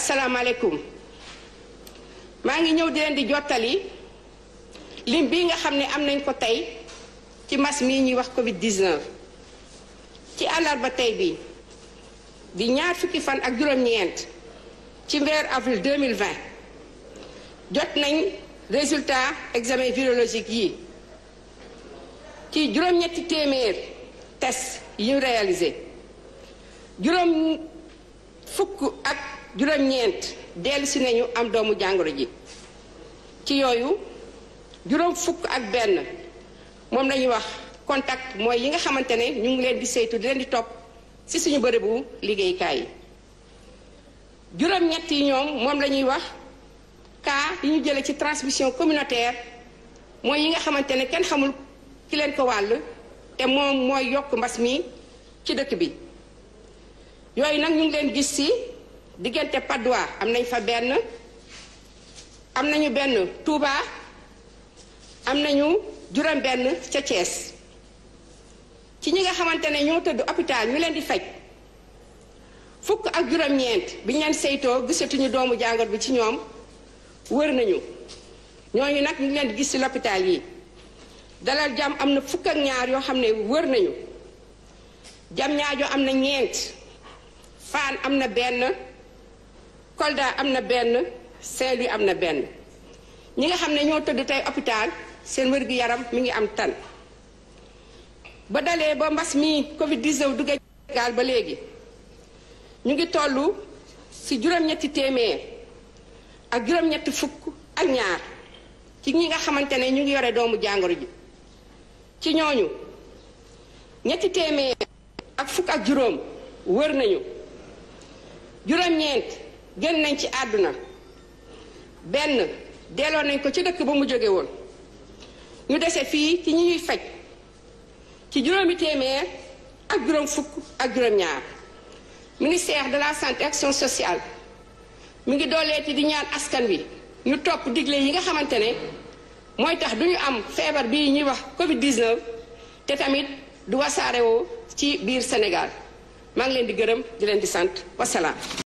asalaamaaleykum maa ngi ñëw di leen di jottali lim bi nga xam ne am nañ ko tey ci mas mi ñuy wax Covid 19 ci àllarba tey bii di ñaar fukki fan ak juróom-ñeent ci weer avril 2020 jot nañ résultat examen birologique yi ci juróom-ñetti téeméer test yu réalisé juróom fukk ak. juróom-ñeent dellu si nañu am doomu jàngoro ji ci yooyu juróom fukk ak benn moom la wax contact mooy yi nga xamante ne ñu ngi leen di saytu di leen di topp si suñu bërëbu liggéeykaay yi juróom-ñett yi ñoom moom la wax cas yi ñu jëlee ci transmission communataire mooy yi nga xamante ne kenn xamul ki leen ko wàll te moom mooy yokk mbas mi ci dëkk bi yooyu nag ñu ngi leen gis si diggante Padois am nañ fa benn am nañu benn Touba am nañu juróom benn ca Thiès ci ñi nga xamante ne ñoo tëdd hôpital ñu leen di faj fukk ak juróom-ñeent bi ñu leen saytoo gisatuñu doomu jàngat bi ci ñoom wër nañu ñooñu nag ñu leen di gis ci l'hôpital yi dalal jàmm am na fukk ak ñaar yoo xam ne wër nañu jam ñaajoo am na ñeent faan am na benn Kolda am na benn Saint-Louis am na benn ñi nga xam ne ñoo tëdd tey hôpital seen wér gu yaram mu ngi am tan ba dalee ba mbas mi Covid 19 duggee Sénégal ba léegi ñu ngi toll ci juróom téeméer ak juróom ak ñaar ci ñi nga xamante ne ñu ngi yore doomu jàngoro ji ci ñooñu ñetti téeméer ak fukk ak juróom wër nañu juróom-ñeent. génn nañ ci àdduna benn delloo nañ ko ci dëkk ba mu jóge woon ñu dese fii ci ñi ñuy faj ci juróomi téeméer ak juróom fukk ak juróom-ñaar ministère de la santé action sociale mu ngi dooleeti di ñaan askan wi ñu topp digle yi nga xamante ne mooy tax du ñu am feebar bii ñuy wax Covid te tamit du wasaare woo ci biir Sénégal maa ngi leen di gërëm di leen di sant wasalaam.